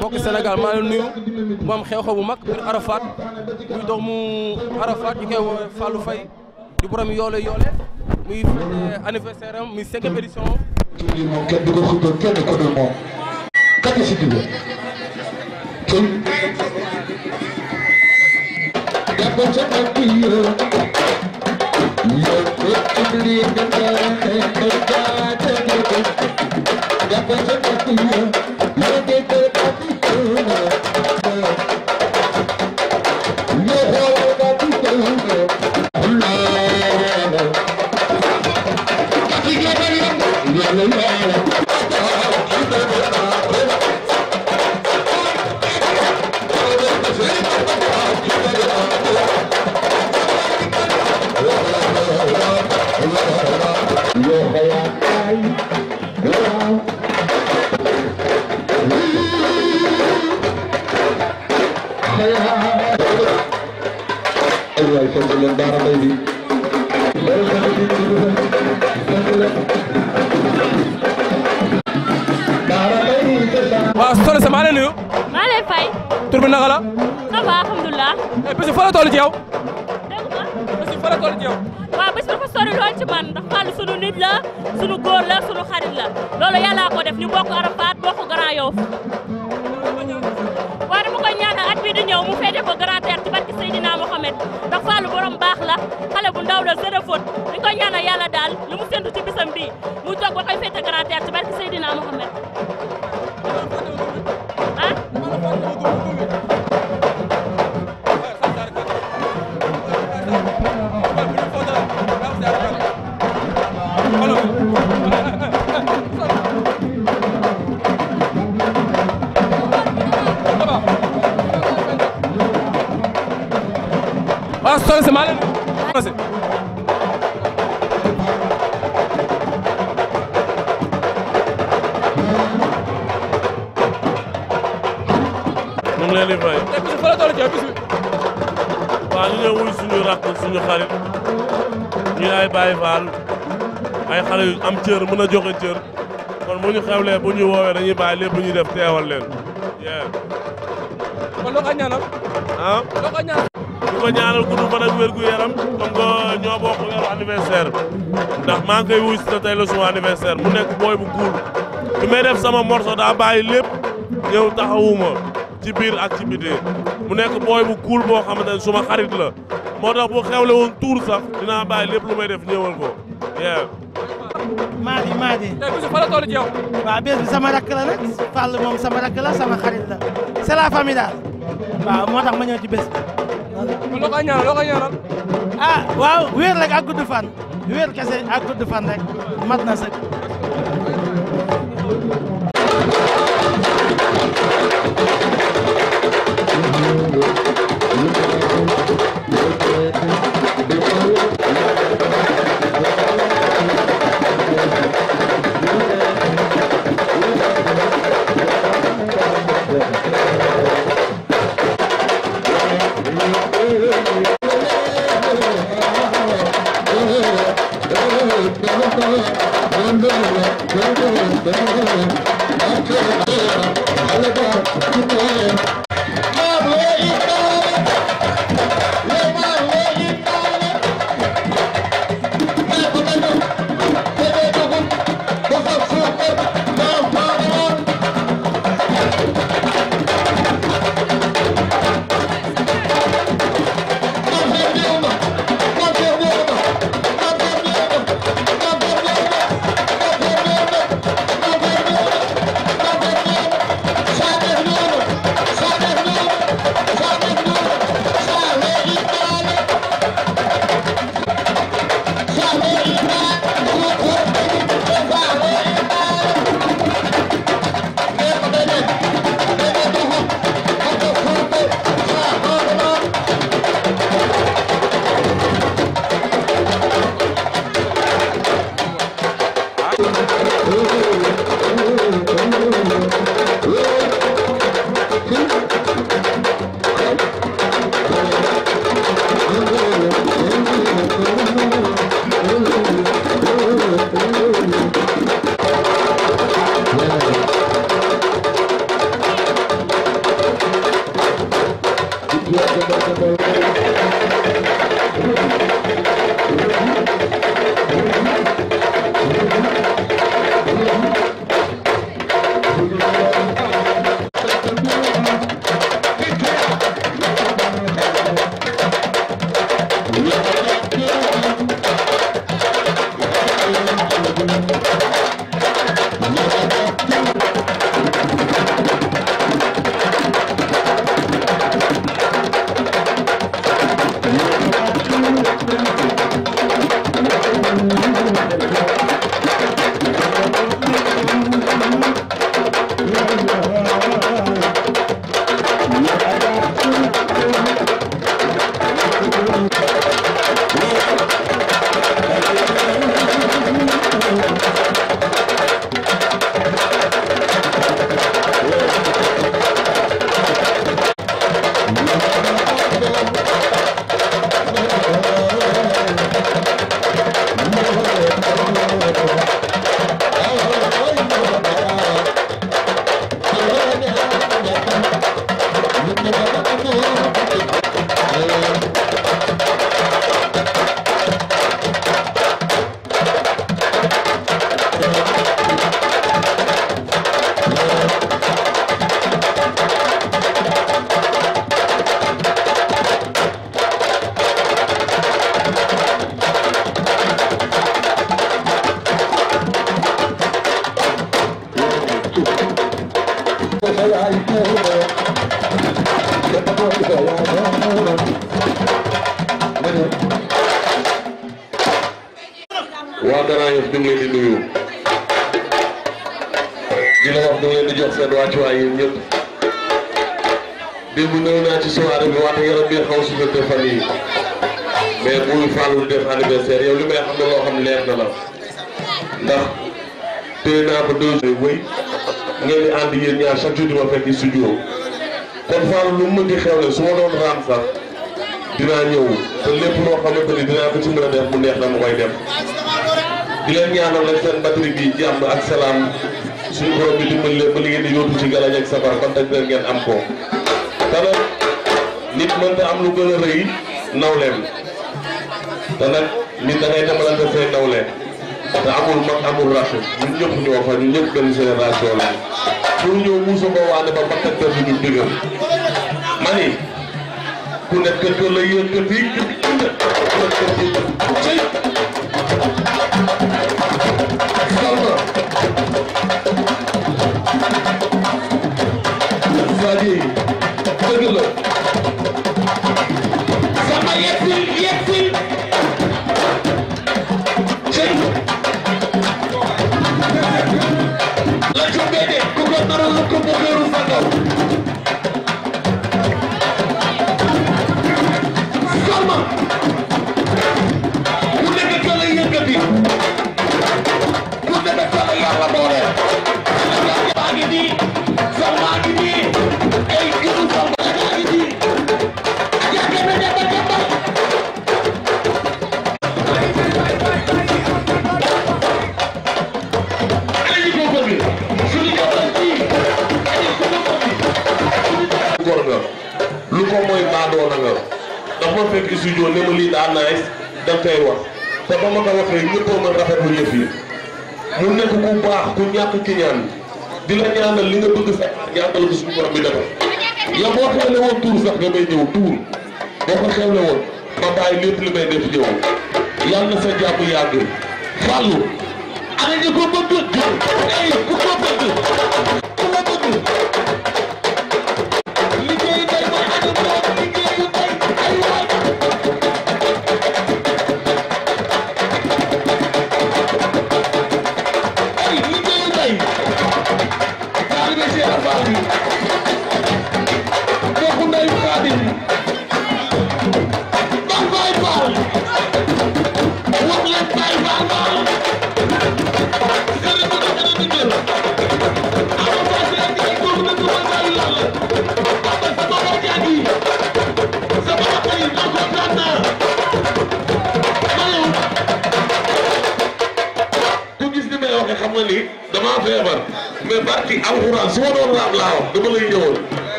mbokk Sénégal maa leen nuyu mu am xew-xew bu mag biir Arafat muy doomu Arafat ñu koy woowee Fallou Faye di borom yoole yoole muy anniversaire muy cinquième édition. kenn du ko suutal kenn ko dul moom. Thank you. tur bi naka la. ça va alhamdulilah. Eh, bés yi fa la toll ci yow. dégg nga. bés yi fa la toll ci yow. waaw bés dafa sori lool ci man ndax Fallou sunu nit la sunu góor la sunu xarit la loolu yàlla ko def ñu bokk Arafat bokk Grand Yoff. waaw di ñëw mu féete ko Grand Terre borom baax la xale bu ndaw la zéro faute dañu koy daal lu mu séntu ci bisam bii mu toog ba koy féete rakk suñu xarit ñu ay Baye Fall ay xale am cër mën a joxe cër kon bu ñu xewlee bu ñu woowee dañuy bàyyi lépp bu ñuy def teewal leen. kon loo ko ñaanal. ah loo ko ñaanal. ñu ko ñaanal gudd fan ak wér gu ndax maa ngi wuy si te suma anniversaire mu booy bu guul bi may def sama morceau daa bàyyi lépp ñëw taxawuma ci biir ak ci biti mu booy bu kuul boo xamante suma xarit la. moo tax bu xewle woon tuur sax dinaa bàyyi lépp lu may def ñëwal ko yeah. maadi maadi. tey bisu fa la toll ci yow. sama rakk la nag Fall moom sama rakk sama xarit la c'est la famille moo tax ma ñëw ci bés bi. Ah, waaw wéer rek ak gudd fan wéer kese ak gudd fan rek mat na sëkk. nga tuuti ma fekk studio kon Fallou lu mu mën di xewle su doon raam sax dinaa ñëw te lépp loo xamante ni dinaa ko ci mën a def mu neex dama koy def di leen ñaanal rek seen batterie bi jàmm ak salaam suñu borom bi dimbali leen ba li ngeen di yóotu ci galañ ak sabar ban taj leen ngeen am ko te nag nit mënta am lu gën a rëy nawleem te nit da ngay say nawle te amul mag amul rax ñun ñëpp ñoo fa ñun ñëpp benn génération la pour ñëw wuusa ko waane ba bakkat kër bi du dëgër ma ni ku nekk kër la yëkkati ku nekk kër la yëkkati salma na li nga bëgg fekk yàlla ko suñu borom bi defal yow boo xewle woon tuur sax nga may ñëw tuur boo ko xewle woon ma bàyyi lépp li may def ñëw yàlla na sa jàmm yàgg fàllu ana ñu ko bëgg ay ku ko bëgg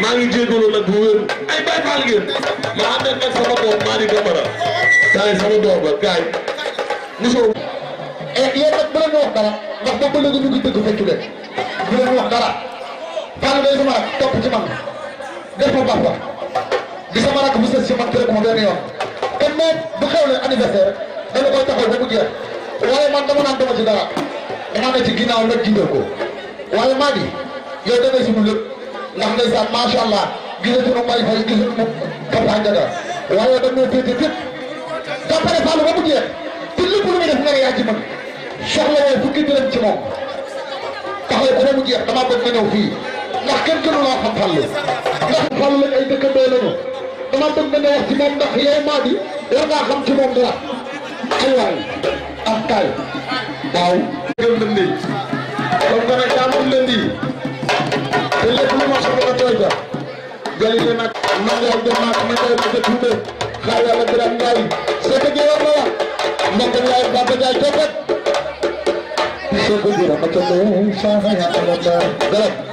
maa ngi jégalu nag bu wér ay bay faal ngeen ma ànd ak nag sama doom maa di Camara kaay sama doom la kaay mosoo. Eh, yéen nag bu leen wax dara ndax boobu ba léegi ñu ngi feccu leen bu leen wax dara Fallou day sama rak topp ci man def ko baax di sa rak bu mu ci man tere ma benn yoon kon moom bu xewle anniversaire dama koy taxaw ba mu jeex waaye man dama naan ci dara dama ne ci ginnaaw nag jiital ko waaye maa ngi yow demee suñu lépp. ndeysaan macha allah gisatuñu mbay fay gisatuñu Papa Ndiaga waaye dañ ñoo féete fépp jàppale Fallou ba mu jeex te lépp lu muy def nga ne yaa ci mën soxla woo fukki dërëm ci moom taxaw ko ba mu jeex damaa bëgg nga ñëw fii ndax kenn gënu laa xam Fallou ndax Fallou lañ ay dëkkandoo lañu damaa bëgg nga wax ci moom ndax yow maa di war ngaa xam ci moom dara ay waay ak kaay waaw gëm lëndi comme que nag daa moom lëndi te lépp lu ma Sida Galilée Mag Magal de Mag Magal de Toubé xaaral la Birame Ndiaye Seydou Gueye war na la mbokk Ndiaye Papa Ndiaye toppat Seydou Gueye ma ca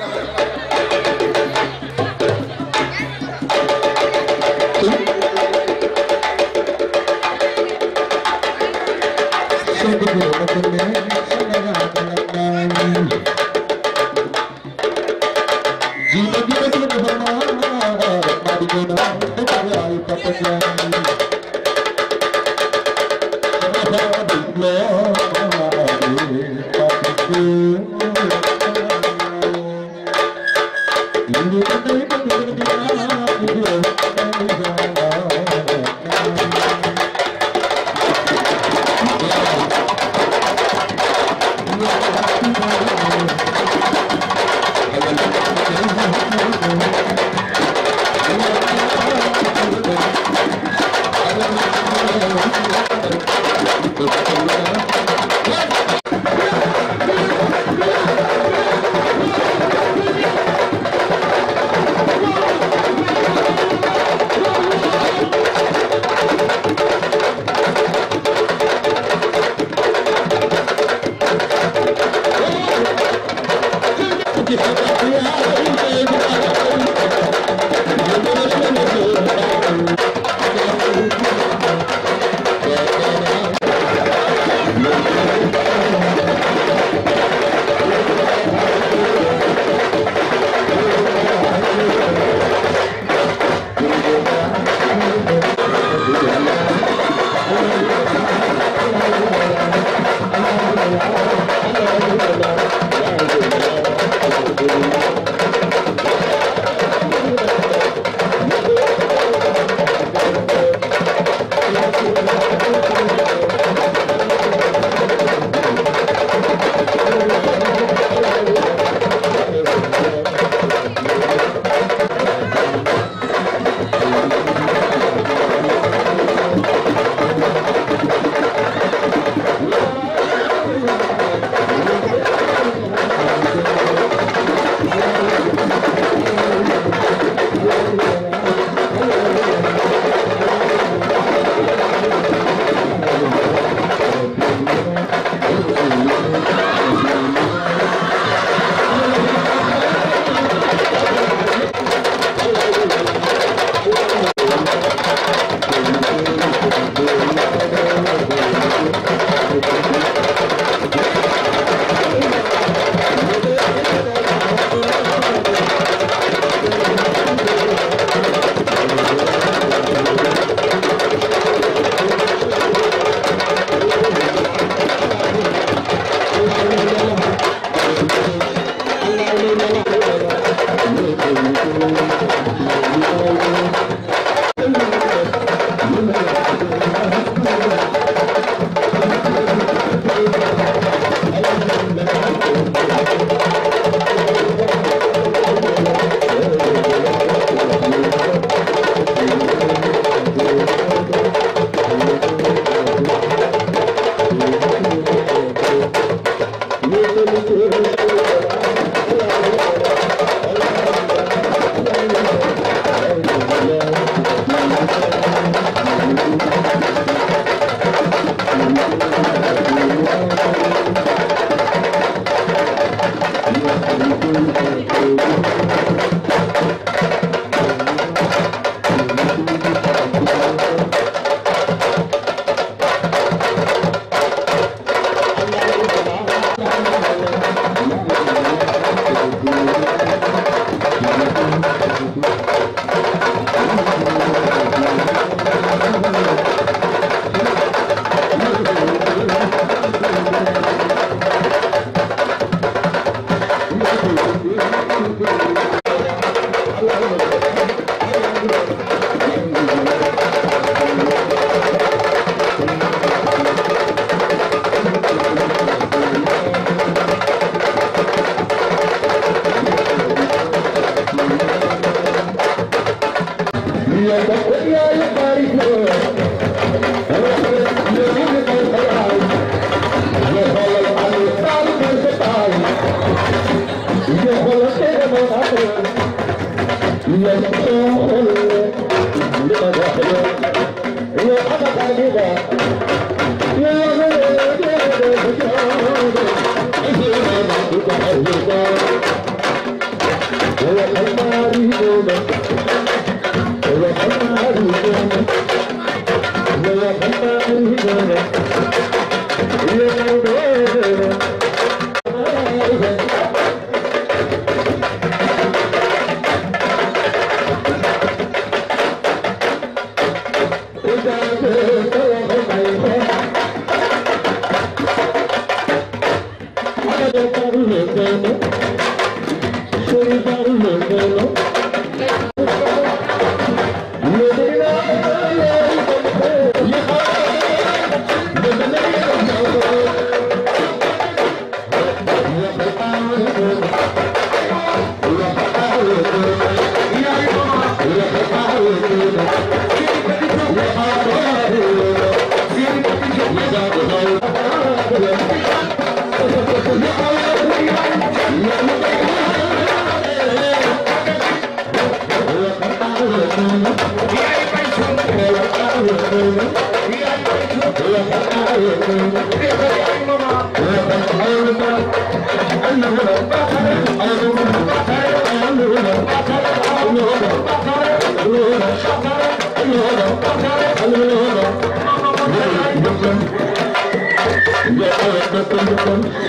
ñoom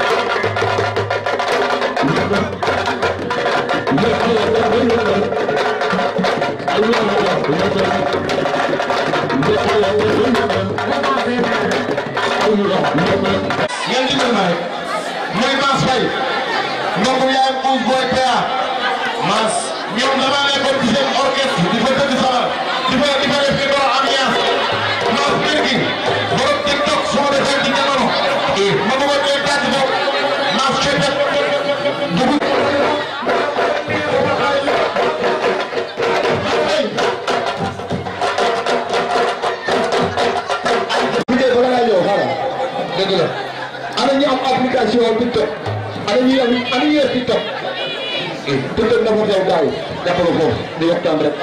damaa nekkoon ci seen orchestre jàppale ko di waxtaan rek.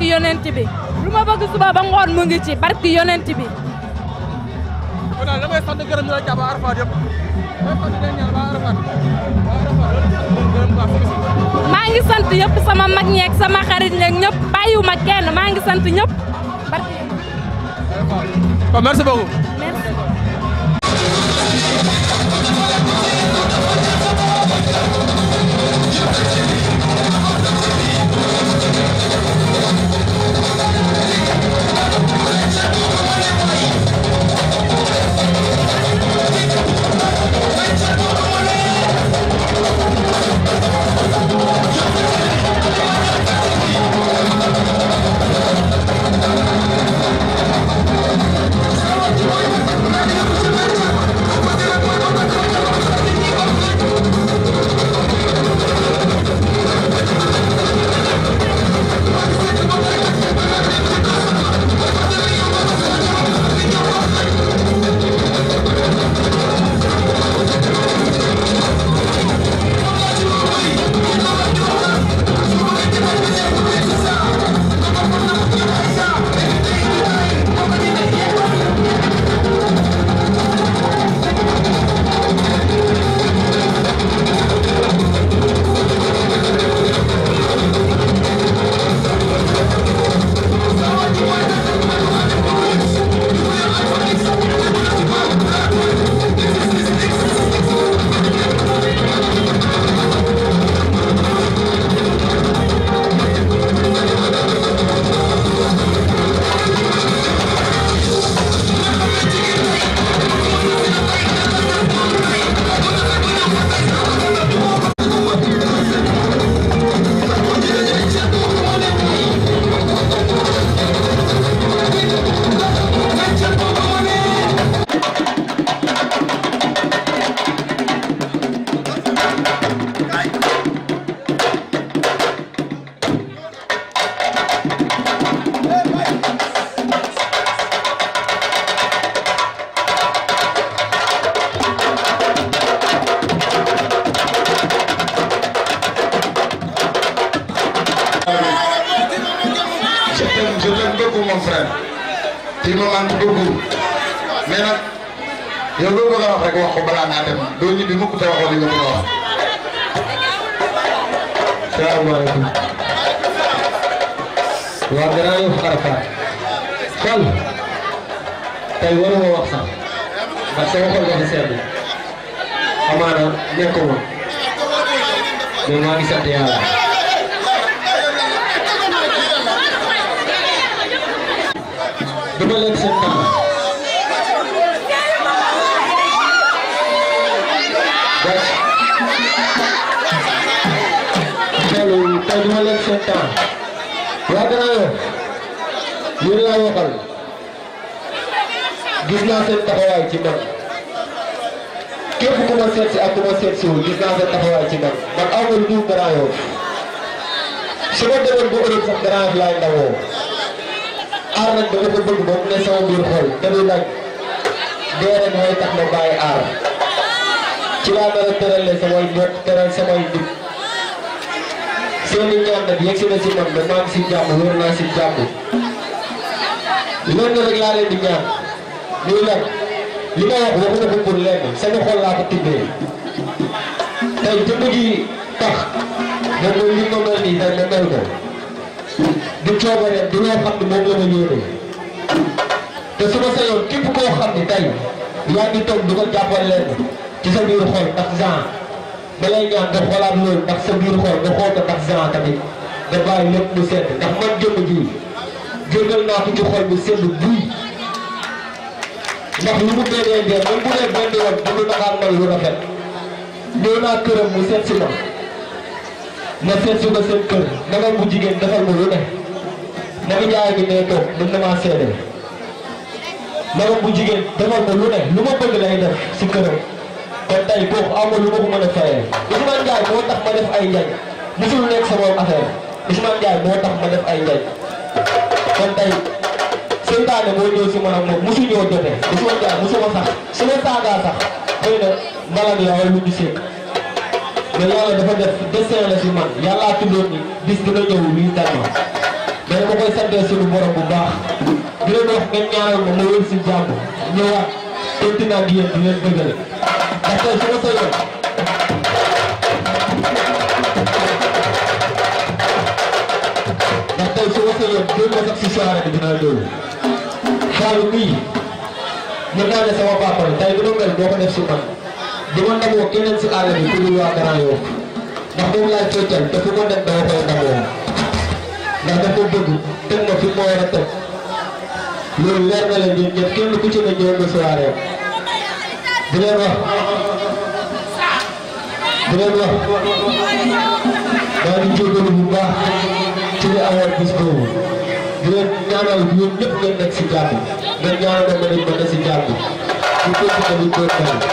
barki yonent bi lu ma bëgg suba ba ngoon mu ngi ci barki maa ngi sant yëpp sama mag ñeeg sama xarit ñeeg ñëpp bàyyiwuma kenn maa ngi sant ñëpp barki. kon merci beaucoup. rek wax ko balaa ngaa dem doo ñibbi mukk te waxoo li nga bëgg a wax. salaamaaleykum. waaw gannaaw yow Arafat. Fall. tey waruma wax sax. ndax sama xol dafa sedd. amaana nekkuma. mais maa ngi sant seen taxawaay ci man képp seet si ak ku seet siwul gis naa seen taxawaay ci man man aw ma lu dul Grand Yoff su ma demoon ba Europe sax Grand Yoff laay ndawoo aar nag dama ko bëgg ba mu ne sama biir xol dañuy nag dee ren mooy tax ma bàyyi aar ci laa nar a tëralee samay mbokk tëral samay nit seeni ñaan nag yegg si na si man ba maa si jàmm wér naa si jàmm lenn rek laa leen lii nag li ma wax waxu ko pour lenn seen xol laa ko tibbee tey jëmm gi tax nga mel ni nga mel nii tey nga mel ko du coobare du loo xam ne moom la ma yónnee te su ma sañoon képp koo xam ne tey yaa ngi toog du ko jàppal lenn ci sa biir xol ndax genre da lay ñaan nga xoolaat loolu ndax sa biir xol nga xool ko ndax nga bàyyi lépp mu sedd ndax man jëmm ji jëngal naa ko ci xol bu sedd buy. ndax lu mu dee dee dee même bu dee benn yoon dund Dakar mel lu rafet ñëw naa këram mu seet si ma ne seet si ma seen kër nagam bu jigéen defal ma lu ne naka jaay bi nee toog mën na maa seede nagam bu jigéen defal ma lu ne lu ma bëgg lay def si këram kon tey kooku amul lu ma ko mën a fayee Ousmane Ndiaye moo tax ma def ay njañ mosul nekk sama affaire Ousmane Ndiaye moo tax ma def ay njañ kon tey seytaane boo ñëw si man ak moom mosu ñoo jotee mosu ma jaar sax su ma sax xëy na malade yaa wala lu ñu seeg dafa def destin la si man yàllaa tuddoon ni bis dina ñëw luy dal ma mais ma koy santee suñu borom bu baax di leen ngeen ñaanal ma ma wër si jàmm ñëwaat tënti naa di yéen di leen xaalu nii mën naa ne sama papa la tey bu doon mel boo ko def si man di ma ndamoo keneen si àll bi pour ñu waa Grand Yoff ndax moom laay féetal te fu ma dem dama koy ndamoo ndax dafa bëgg teg ma fi ma a teg loolu leer na leen ñun ñëpp kenn ku ci ne ñëw nga soirée di leen leen wax daal di jógalu bu baax ci li awoon bis boobu di leen ñaanal ñun ñëpp ngeen nekk si jàmm ngeen ñaanal dem nañu ba ne si jàmm ñu continué di góorgóorlu.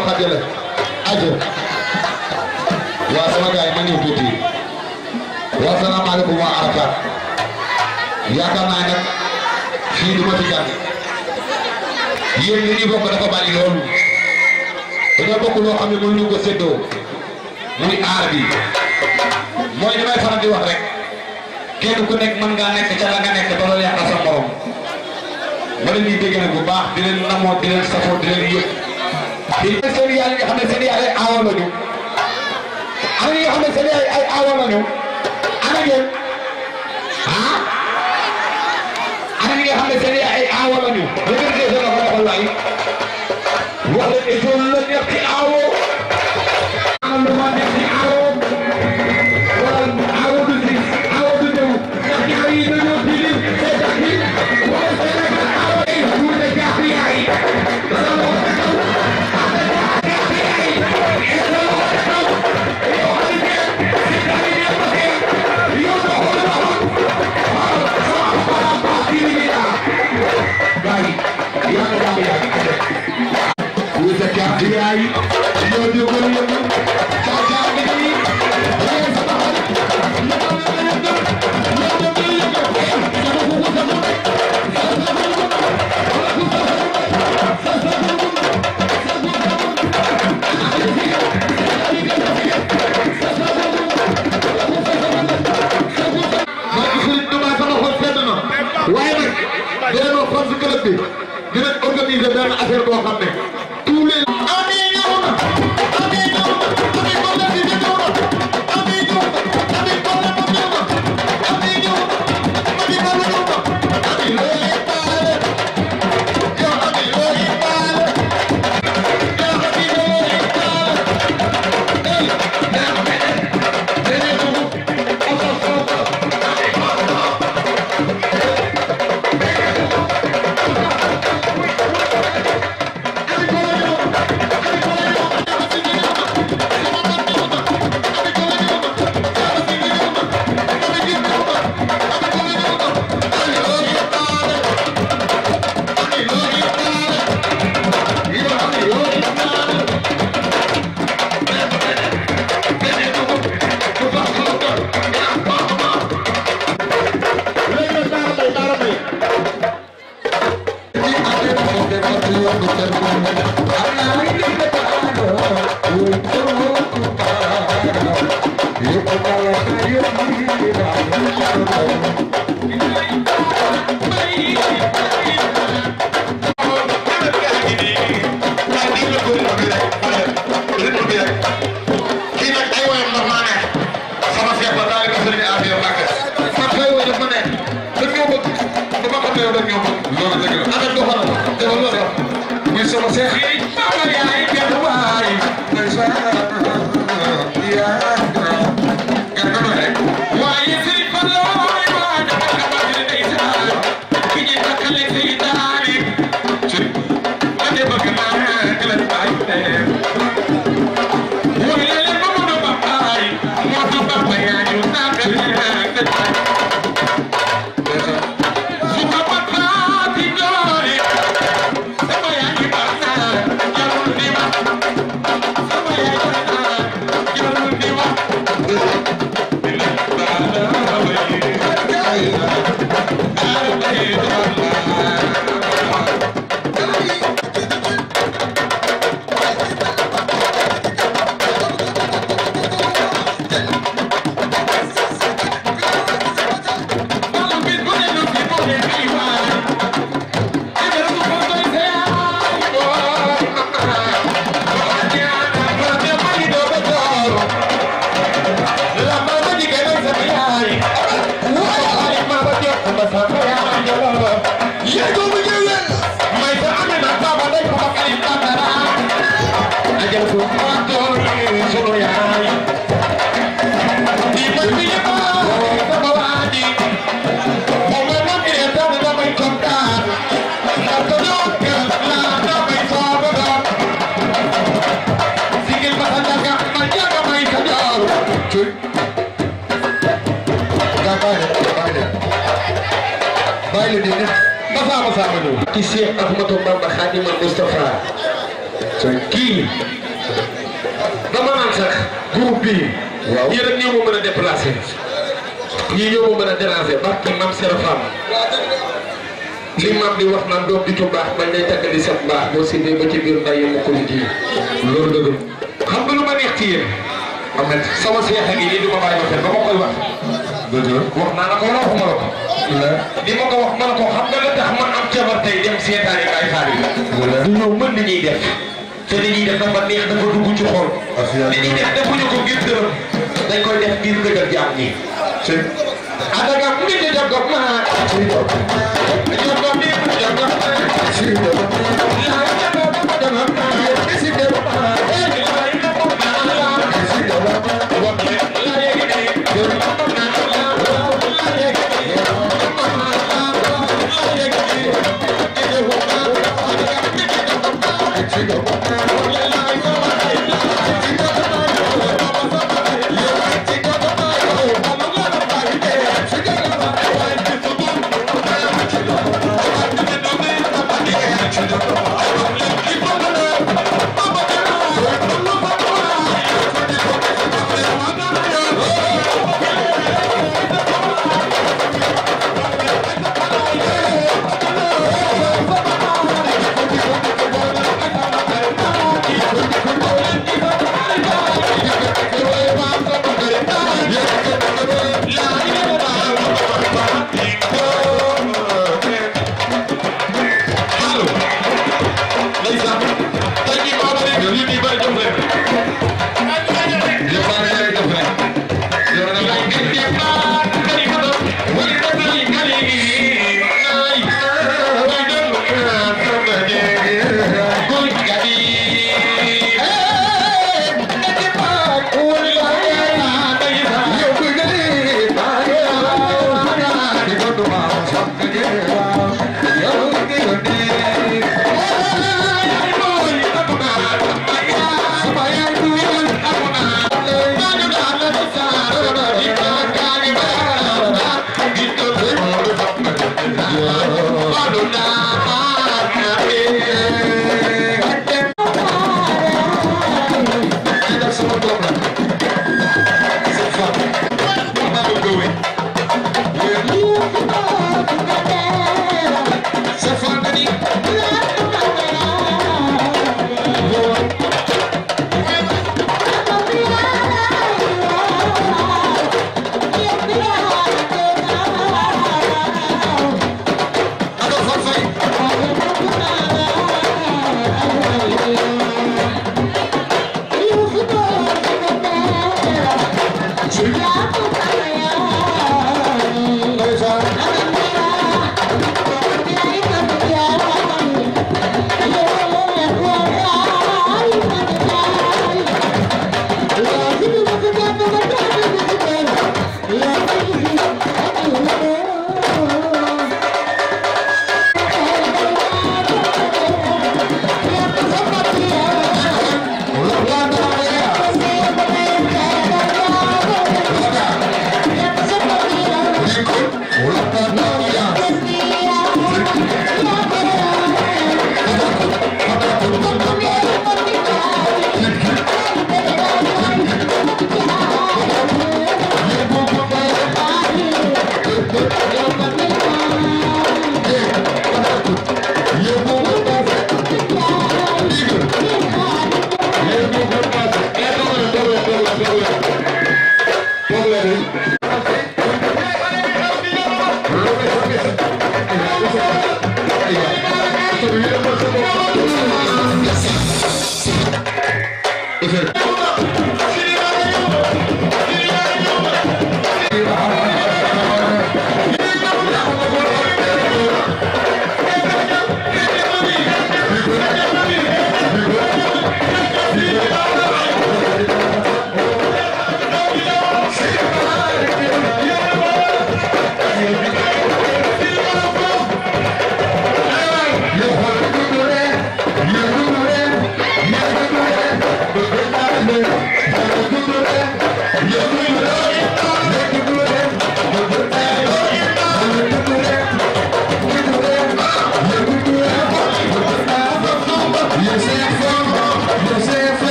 ko xajale ajo waa sama gars yi ma ñëw tuuti waa salaamaaleykum waa Arafat yaakaar naa nag fii du ma fi jàng yéen li ñuy bokk dafa bari loolu dañoo bokk loo xam ne mënuñu ko séddoo muy aar bi mooy li may faral di wax rek kenn ku nekk mën ngaa nekk ca la nga nekk ba loolu yàqal sa morom ma leen di dégg nag bu baax di leen namoo di leen safoo di leen yëpp di seen yàlla nga xam ne seen yàlla ay aawam la ñu am na ñi nga xam ne seen yàlla ay aawam la ñu bii dama naan sax groupe bii. waaw yéen ak ñoo ma mën a déplacé. ñii ñoo ma mën a déranger barke maam Serap Fane. li maam di wax naan bi tu baax bañ lay tàggali sa baax boo séddee ba ci biir ndaye mu ko ji loolu dëgg xam nga lu ma neex ci yéen. am na sama a ngi nii di ma bàyyi ba ma koy wax. dëgg wax naa la ko waxuma la ko. li ma ko wax man la tax man am jabar tey dem seetaani Baay Faal yi. du ñëw mën li ñuy def. te li ñuy def dafa neex dafa dugg ci xol. li ñuy def defuñu ko ngir dërëm dañ koy def ngir dëggal jaam ñi. c' est. ànd ak ak mbir mi jot ko mën a.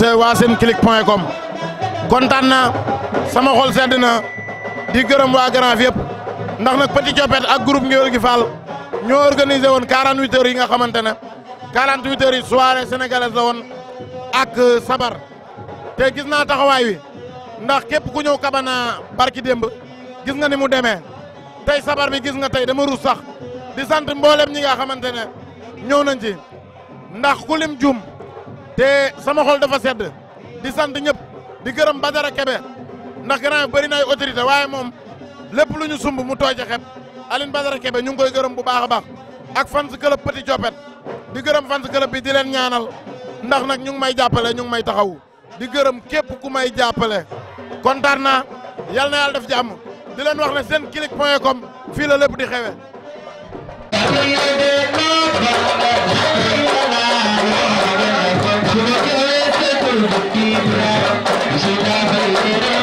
se waa senclic point com kontaan na sama xol sedd na di gërëm waa Grand Yoff yëpp ndax nag Petit Thiopete ak groupe Ngéwél gi Fall ñu organisé woon 48 heures yi nga xamante ne 48 heures yi soirée sénégalaise la woon ak euh, sabar te gis naa taxawaay wi ndax képp ku ñëw kabana barki démb gis nga ni mu demee tey sabar bi gis nga tey dama rus sax di sant mboolem ñi nga xamante ne ñëw nañ ci ndax ku lim jum te sama xol dafa sedd di sant ñëpp di gërëm Badara Kebe ndax grand bëri na autorité waaye moom lépp lu ñu sumb mu tooje xeb alin Badara Kebe ñu ngi koy gërëm bu baax a baax ak fans club Petit Diopet di gërëm fans club bi di leen ñaanal ndax nag ñu ngi may jàppale ñu ngi may taxaw di gërëm képp ku may jàppale kontaan naa yal na yàlla def jàmm di leen wax ne senclic point com fii la lépp di xewe Thank you.